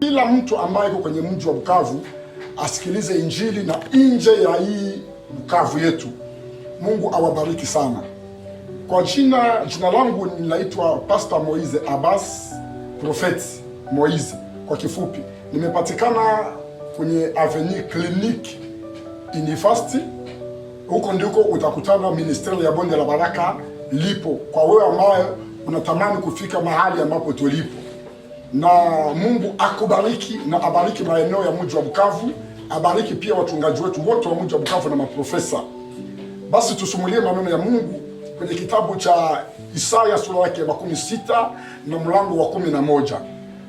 Kila mtu ambaye yuko kwenye mji wa Bukavu asikilize injili na nje ya hii Bukavu yetu. Mungu awabariki sana. Kwa jina jina langu ninaitwa Pastor Moise Abbas Profeti Moise kwa kifupi. Nimepatikana kwenye Avenue Clinique University, huko ndiko utakutana ministeri ya bonde la baraka lipo, kwa wewe ambaye unatamani kufika mahali ambapo tulipo na Mungu akubariki na abariki maeneo ya mji wa Bukavu, abariki pia watungaji wetu wote wa mji wa Bukavu na maprofesa. Basi tusumulie maneno ya Mungu kwenye kitabu cha Isaya sura yake ya makumi sita na mlango wa kumi na moja.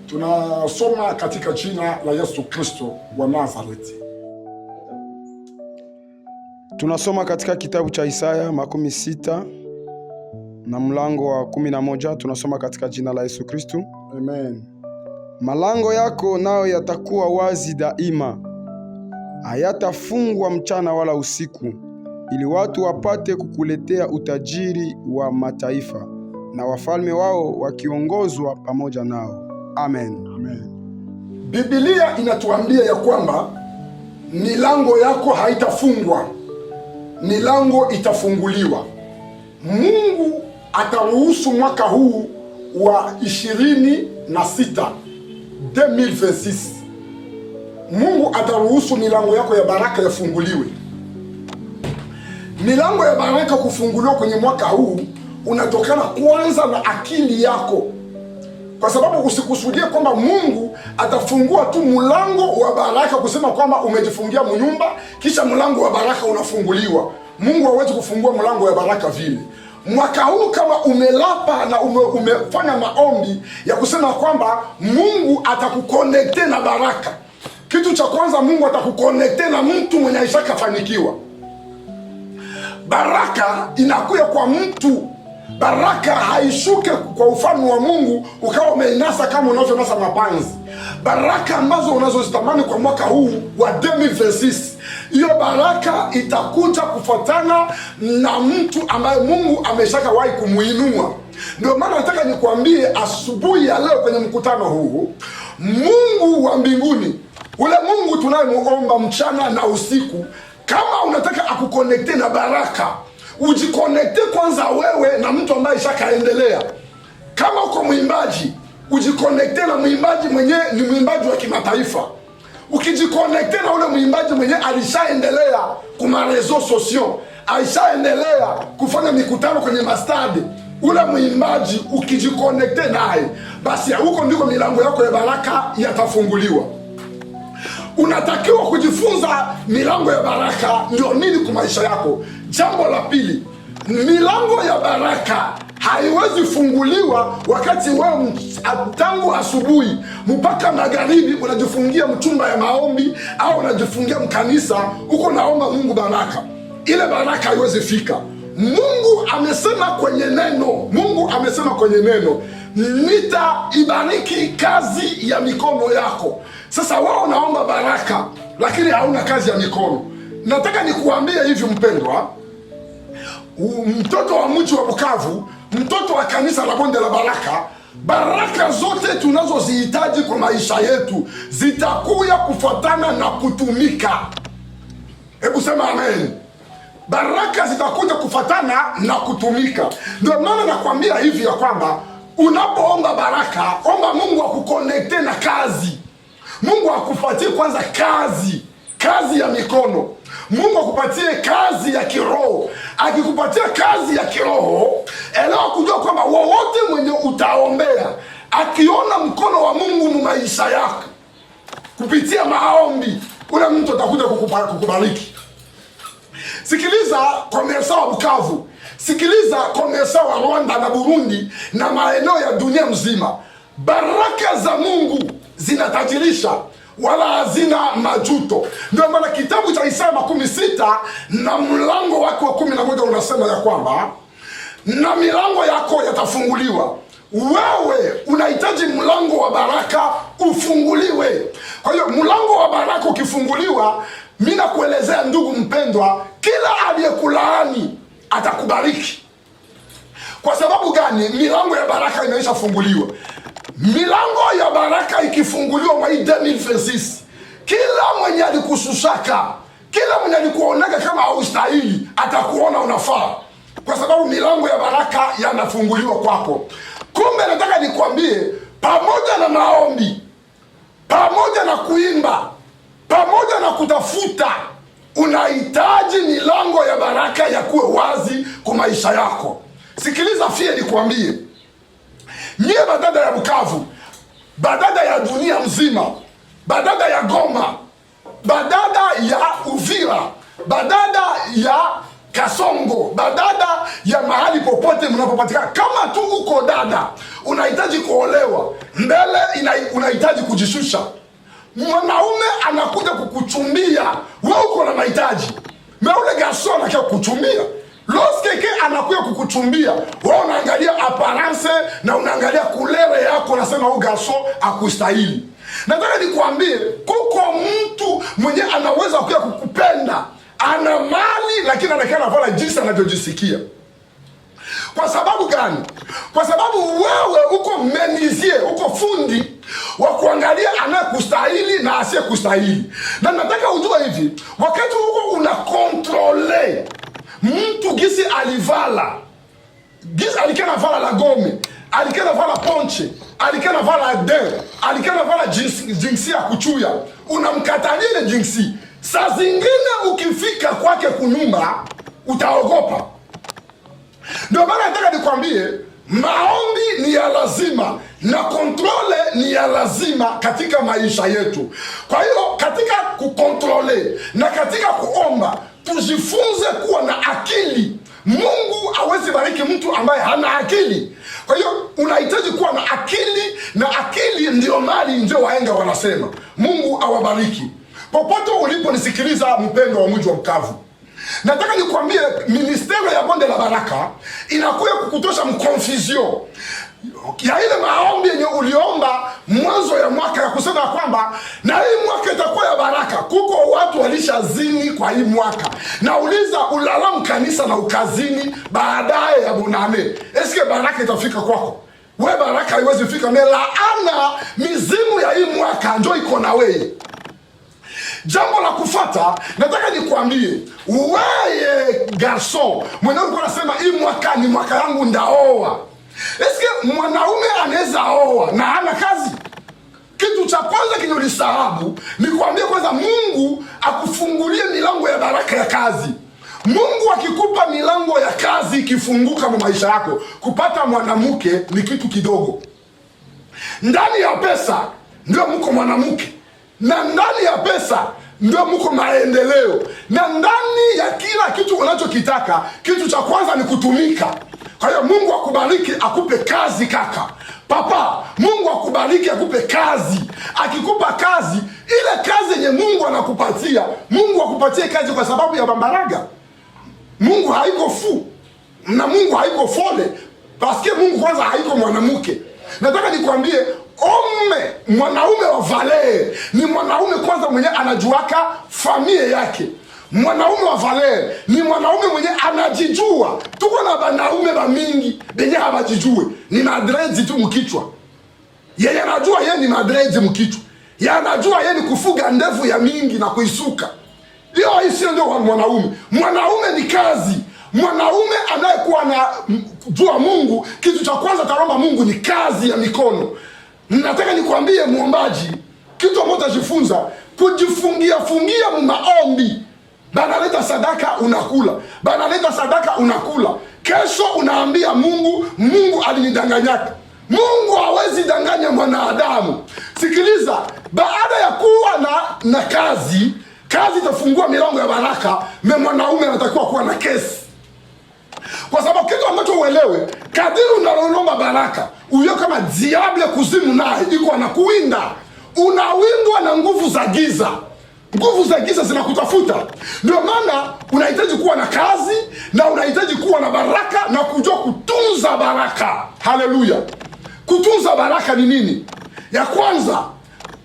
Tunasoma katika jina la Yesu Kristo wa Nazareti. Tunasoma katika kitabu cha Isaya makumi sita na mlango wa kumi na moja. Tunasoma katika jina la Yesu Kristo. Amen malango yako nayo yatakuwa wazi daima, hayatafungwa mchana wala usiku, ili watu wapate kukuletea utajiri wa mataifa na wafalme wao wakiongozwa pamoja nao. Amen, amen. Biblia inatuambia ya kwamba milango yako haitafungwa, milango itafunguliwa. Mungu ataruhusu mwaka huu wa ishirini na sita 2026 Mungu ataruhusu milango yako ya baraka yafunguliwe. Milango ya baraka kufunguliwa kwenye mwaka huu unatokana kwanza na akili yako, kwa sababu usikusudie kwamba Mungu atafungua tu mlango wa baraka kusema kwamba umejifungia mnyumba kisha mlango wa baraka unafunguliwa. Mungu hawezi kufungua mlango wa baraka vile mwaka huu kama umelapa na ume, umefanya maombi ya kusema kwamba Mungu atakukonekte na baraka. Kitu cha kwanza, Mungu atakukonekte na mtu mwenye aishakafanikiwa. Baraka inakuya kwa mtu, baraka haishuke kwa ufalme wa Mungu ukawa umeinasa kama unavyonasa mapanzi. Baraka ambazo unazozitamani kwa mwaka huu wa 2026 hiyo baraka itakuja kufuatana na mtu ambaye Mungu ameshakawahi kumuinua. Ndio maana nataka nikuambie asubuhi ya leo kwenye mkutano huu, Mungu wa mbinguni, ule Mungu tunayemuomba mchana na usiku, kama unataka akukonekte na baraka, ujikonekte kwanza wewe na mtu ambaye shakaendelea. Kama uko mwimbaji, ujikonekte na mwimbaji mwenyewe ni mwimbaji wa kimataifa ukijikonekte na ule mwimbaji mwenye alishaendelea kuma reseau sociaux, alishaendelea kufanya mikutano kwenye mastadi, ule mwimbaji ukijikonekte naye, basi huko ndiko milango yako ya baraka yatafunguliwa. Unatakiwa kujifunza milango ya baraka ndio nini kwa maisha yako. Jambo la pili, milango ya baraka haiwezi funguliwa wakati wewe tangu asubuhi mpaka magharibi unajifungia mchumba ya maombi au unajifungia mkanisa huko, naomba Mungu baraka, ile baraka haiwezi fika. Mungu amesema kwenye neno, Mungu amesema kwenye neno, nitaibariki kazi ya mikono yako. Sasa wao unaomba baraka, lakini hauna kazi ya mikono. Nataka nikuambie hivi mpendwa, mtoto wa mji wa Bukavu mtoto wa kanisa la bonde la baraka, baraka zote tunazozihitaji kwa maisha yetu zitakuya kufuatana na kutumika. Hebu sema amen. Baraka zitakuja kufuatana na kutumika. Ndio maana nakwambia hivi ya kwamba unapoomba baraka, omba Mungu akukonekte na kazi. Mungu akupatie kwanza kazi, kazi ya mikono. Mungu akupatie kazi ya kiroho. Akikupatia kazi ya kiroho elewa kujua kwamba wowote mwenye utaombea akiona mkono wa Mungu ni maisha yake kupitia maombi, ule mtu atakuja kukubariki. Sikiliza komesa wa Bukavu, sikiliza komesa wa Rwanda na Burundi na maeneo ya dunia mzima. Baraka za Mungu zinatajirisha wala hazina majuto. Ndio maana kitabu cha Isaya makumi sita na mlango wake wa kumi na moja unasema ya kwamba na milango yako yatafunguliwa. Wewe unahitaji mlango wa baraka ufunguliwe. Kwa hiyo mlango wa baraka ukifunguliwa, mi nakuelezea ndugu mpendwa, kila aliyekulaani atakubariki. Kwa sababu gani? Milango ya baraka funguliwa. Milango ya baraka ikifunguliwa mwa hii 2026 kila mwenye alikususaka, kila mwenye alikuonaga kama haustahili atakuona unafaa kwa sababu milango ya baraka yanafunguliwa kwako. Kumbe nataka nikwambie, pamoja na maombi, pamoja na kuimba, pamoja na kutafuta, unahitaji milango ya baraka yakuwe wazi kwa maisha yako. Sikiliza fie nikwambie, nyie badada ya Bukavu, badada ya dunia mzima, badada ya Goma, badada ya Uvira, badada ya Kasongo, badada ya mahali popote mnapopatikana. Kama tu uko dada unahitaji kuolewa mbele unahitaji kujishusha, mwanaume anakuja kukuchumbia wewe, uko na mahitaji meule gaso anakia kukuchumbia loskeke anakuja kukuchumbia wewe, unaangalia aparanse na unaangalia kulele yako, unasema huyu gaso akustahili. Nataka nikuambie kuko mtu mwenye anaweza kuja kuku anavyojisikia. Kwa sababu gani? Kwa sababu wewe uko menizie, uko fundi wa kuangalia anayekustahili na asiyekustahili, na nataka ujue hivi, wakati huko kontrole mtu gisi alivala, gisi alikana vala la gome, alikana vala ponche, alikana vala de, alikana vala jinsi, jinsi ya kuchuya, unamkatalia ile jinsi. Saa zingine ukifika kwake kunyumba utaogopa. Ndio maana nataka nikwambie maombi ni ya lazima na kontrole ni ya lazima katika maisha yetu. Kwa hiyo katika kukontrole na katika kuomba tujifunze kuwa na akili. Mungu awezi bariki mtu ambaye hana akili. Kwa hiyo unahitaji kuwa na akili, na akili ndiyo mali, ndio wahenga wanasema. Mungu awabariki popote uliponisikiliza, mpendo wa Mji wa Bukavu. Nataka nikwambie ministeri ya bonde la baraka inakuya kukutosha mkonfuzio ya ile maombi yenye uliomba mwanzo ya mwaka ya kusema ya kwamba na hii mwaka itakuwa ya baraka. Kuko watu walishazini kwa hii mwaka, nauliza ulalamu kanisa na ukazini baadaye ya buname eske baraka itafika kwako? We baraka haiwezi fika, me laana mizimu ya hii mwaka ndio iko na wewe. Jambo la kufata nataka nikwambie wewe garson mwenyewe ulikuwa unasema hii mwaka ni mwaka yangu ndaoa. Eske mwanaume anaweza oa na ana kazi? Kitu cha kwanza kenye ulisahabu ni kuambia kwanza Mungu akufungulie milango ya baraka ya kazi. Mungu akikupa milango ya kazi ikifunguka mwa maisha yako, kupata mwanamke ni kitu kidogo. Ndani ya pesa ndio mko mwanamke, na ndani ya pesa ndio mko maendeleo. Na ndani ya kila kitu unachokitaka, kitu cha kwanza ni kutumika. Kwa hiyo Mungu akubariki akupe kazi kaka. Papa, Mungu akubariki akupe kazi. Akikupa kazi, ile kazi yenye Mungu anakupatia, Mungu akupatie kazi kwa sababu ya Bambaraga. Mungu haiko fu na Mungu haiko fole. Paske Mungu kwanza haiko mwanamke. Nataka nikwambie ome mwanaume wa valet ni mwanaume kwanza mwenye anajuaka familia yake. Mwanaume wa valet ni mwanaume mwenye anajijua. Tuko na wanaume ba mingi benye habajijue ni madredi tu mkichwa, yeye anajua yeye ni madredi mkichwa, yeye anajua yeye ni kufuga ndevu ya mingi na kuisuka. Hiyo isio ndio mwanaume. Mwanaume ni kazi. Mwanaume anayekuwa anajua Mungu, kitu cha kwanza taromba Mungu ni kazi ya mikono. Nataka nikwambie muombaji, kitu ambacho utajifunza kujifungia fungia mumaombi. Banaleta sadaka unakula, banaleta sadaka unakula, kesho unaambia Mungu, Mungu alinidanganyaka. Mungu hawezi danganya mwanadamu. Sikiliza, baada ya kuwa na na kazi, kazi itafungua milango ya baraka. Me mwanaume anatakiwa kuwa na kesi, kwa sababu kitu ambacho uelewe, kadiri unalolomba baraka uyo kama diable kuzimu naye iko anakuwinda, unawindwa na nguvu za giza. Nguvu za giza zinakutafuta. Ndio maana unahitaji kuwa na kazi na unahitaji kuwa na baraka na kujua kutunza baraka. Haleluya! Kutunza baraka ni nini? Ya kwanza,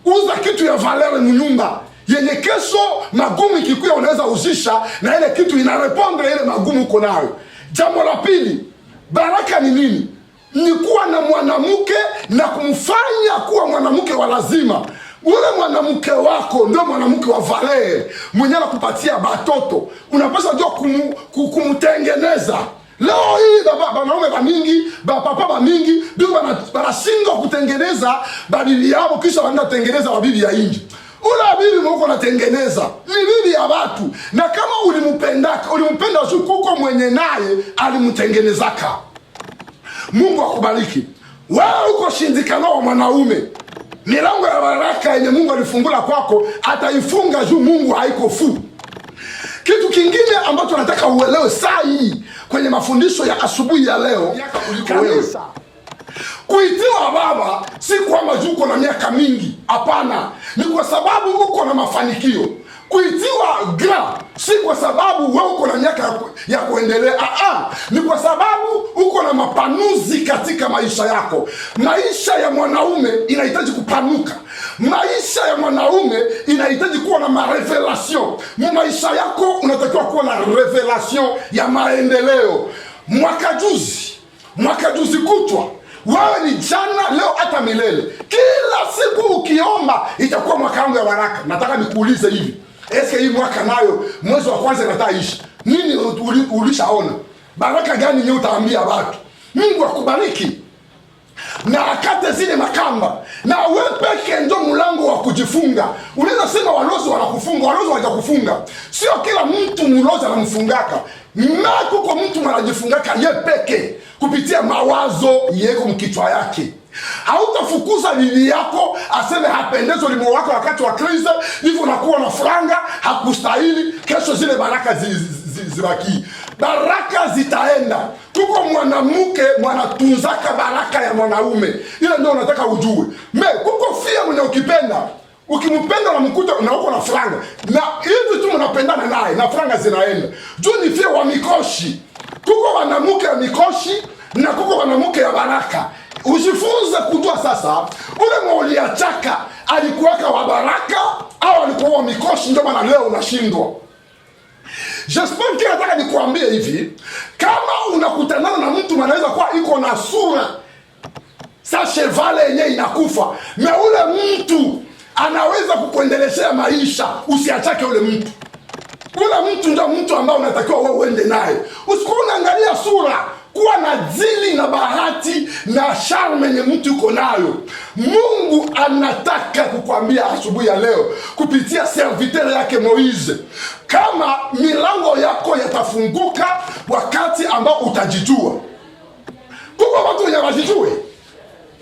uza kitu ya valere mnyumba yenye kesho magumu ikikuya unaweza uzisha na ile kitu inarepondre ile magumu uko nayo. Jambo la pili, baraka ni nini? ni kuwa na mwanamke na kumfanya kuwa mwanamke wa lazima. Ule mwanamke wako ndio mwanamke wa valee mwenye anakupatia batoto, unapaswa jua kumu, kumutengeneza. Leo hii banaume bamingi bapapa mingi biko banashindwa kutengeneza babibi yabo, kisha wanaenda kutengeneza ya inji. Ule bibi mwako natengeneza ni bibi ya watu, na kama ulimpendaka, ulimpenda shukuko mwenye naye alimtengenezaka Mungu akubariki wewe uko shindikana wa mwanaume. Milango ya baraka yenye Mungu alifungula kwako ataifunga juu Mungu fu. Kitu kingine ambacho nataka uelewe saa hii kwenye mafundisho ya asubuhi ya leo kanisa kuitiwa baba si kwamba juu uko na miaka mingi. Hapana, ni kwa sababu uko na mafanikio kuitiwa gra si kwa sababu wewe uko na miaka ya, ku, kuendelea ah, ah, ni kwa sababu uko na mapanuzi katika maisha yako. Maisha ya mwanaume inahitaji kupanuka, maisha ya mwanaume inahitaji kuwa na marevelation. Maisha yako unatakiwa kuwa na revelation ya maendeleo. Mwaka juzi, mwaka juzi kutwa wewe ni jana, leo, hata milele. Kila siku ukiomba itakuwa mwaka wangu ya waraka. Nataka nikuulize hivi eske hii mwaka nayo mwezi wa kwanza nataishi nini? Ulishaona baraka gani nye utaambia watu? Mungu akubariki na akate zile makamba, na we peke ndio mlango wa kujifunga. Unaweza walozi wanakufunga, walozi hawajakufunga. Sio kila mtu mlozi anamfungaka makuko mtu anajifungaka ye peke kupitia mawazo yeko mkichwa yake. Hautafukuza bibi yako aseme hapendezwe limo wako wakati wa krize, hivyo unakuwa na franga, hakustahili. Kesho zile baraka zibakii zi, zi, baraka zitaenda. Kuko mwanamke mwanatunzaka baraka ya mwanaume, ile ndio unataka ujue. Me kuko fia mwenye ukipenda ukimpenda unamkuta unaoko na franga na hivi tu mnapendana naye na franga zinaenda juu. Ni fia wa mikoshi, kuko wanamke wa mikoshi na kuko wanamke ya baraka ujifunze kujua sasa ule mwauliataka alikuweka baraka au alikuwa wa mikoshi, ndio maana leo unashindwa. Jespin ki nataka nikuambie hivi, kama unakutanana na mtu anaweza kuwa iko na sura sa chevale yenye inakufa me, ule mtu anaweza kukuendeleshea maisha, usiachake ule mtu. Ule mtu ndio mtu ambaye unatakiwa wewe uende naye, usikuwa unaangalia sura kuwa na zili na bahati na sharme yenye mtu uko nayo. Mungu anataka kukwambia asubuhi ya leo kupitia serviteur yake Moise, kama milango yako yatafunguka wakati ambao utajijua. Kuko watu wenye wajijue,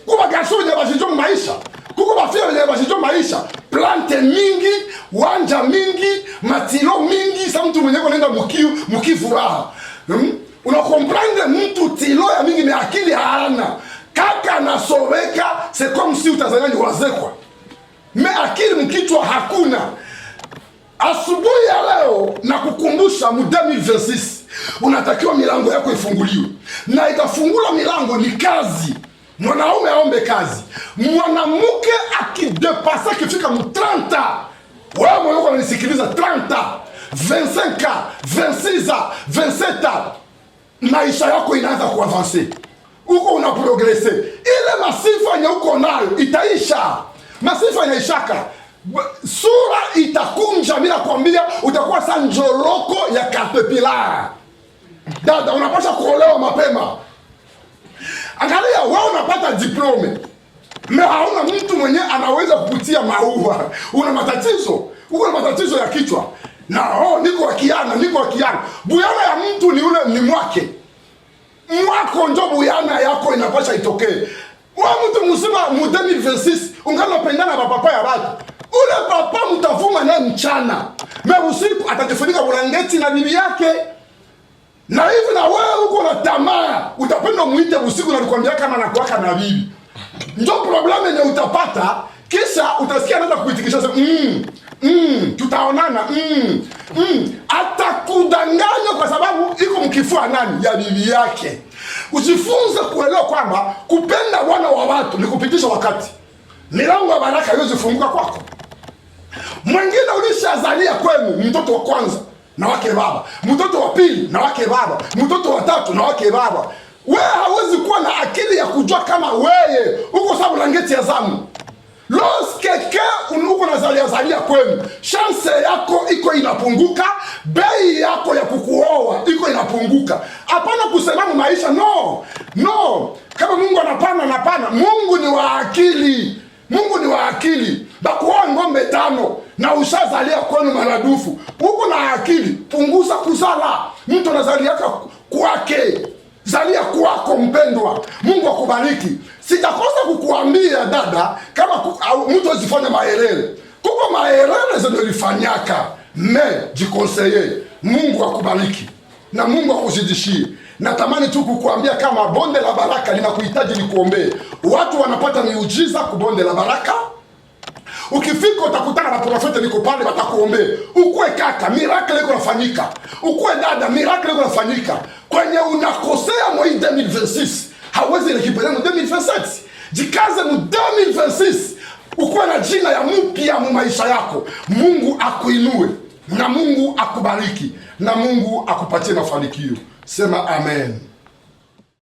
kuko garso wenye wajijue maisha, kuko bafia wenye wajijue maisha, plante mingi, wanja mingi, matilo mingi, sa mtu mwenye konaenda mukiu mukifuraha hmm? comprendre mtu tiloya mingi ni akili haana kaka anasoweka sekomsi utanzania ni wazekwa me akili mkichwa hakuna asubuhi ya leo na kukumbusha mu 2026 unatakiwa milango yako ifunguliwe na itafungula milango ni kazi mwanaume aombe kazi mwanamke akidepasa akifika mu 30 wewe mwenyewe unanisikiliza 30 25 26 27 maisha yako inaanza kuavanse huko una progrese, ile masifa yenye uko nayo itaisha. Masifa inaishaka, sura itakunja. mi nakwambia utakuwa sa njoloko ya caterpillar. Dada, unapasha kuolewa mapema. Angalia, wewe unapata diplome me hauna mtu mwenye anaweza kukutia maua, una matatizo, uko na matatizo ya kichwa na oh, niko akiana niko akiana. Buyana ya mtu ni ule ni mwake mwako, njo buyana yako inapasha itokee. Wa mtu mzima mu 2026 ungalopendana na papa ya batu ule papa mtavuma naye mchana me usiku atajifunika bulangeti na bibi yake, na hivi na wewe uko na tamaa, utapenda muite usiku na nikwambia kama na nakuaka na bibi, ndio problem yenye utapata, kisha utasikia anaanza kuitikisha sema mm mm, tutaonana mm, mm. Atakudanganya kwa sababu iko mkifua nani ya bibi yake. Usifunze kuelewa kwamba kupenda wana wa watu ni kupitisha wakati, milango ya baraka iliyozifunguka kwako. Mwingine ulishazalia kwenu mtoto wa kwanza na wake baba, mtoto wa pili na wake baba, mtoto wa tatu na wake baba. Wewe hawezi kuwa na akili ya kujua kama weye uko sababu langeti ya zamu lorsque uko nazaliazalia kwenu, shanse yako iko inapunguka, bei yako ya kukuoa iko inapunguka. Hapana kusema maisha no no, kama Mungu anapana anapana. Mungu ni wa akili, Mungu ni wa akili. Bakuoa ng'ombe tano na ushazalia kwenu maradufu, uko na akili, punguza kuzala. Mtu anazaliaka kwake, zalia kwako mpendwa. Mungu akubariki. Sitakosa kukuambia dada, kama mtu azifanya maelele, kuko maelele ulifanyaka me jikonseye. Mungu akubariki na Mungu akuzidishie. Natamani tu kukuambia kama bonde la baraka linakuhitaji likuombee. Watu wanapata miujiza kubonde la baraka. Ukifika utakutana na profeta, niko pale, watakuombea. Ukue kaka, miracle iko nafanyika. Ukue dada, miracle iko nafanyika. Kwenye unakosea moi 2026 hawezi récupérer mu 2026 Jikaze mu 2026 ukuwa na jina ya mpya mu maisha yako. Mungu akuinue na Mungu akubariki na Mungu akupatie mafanikio. Sema amen.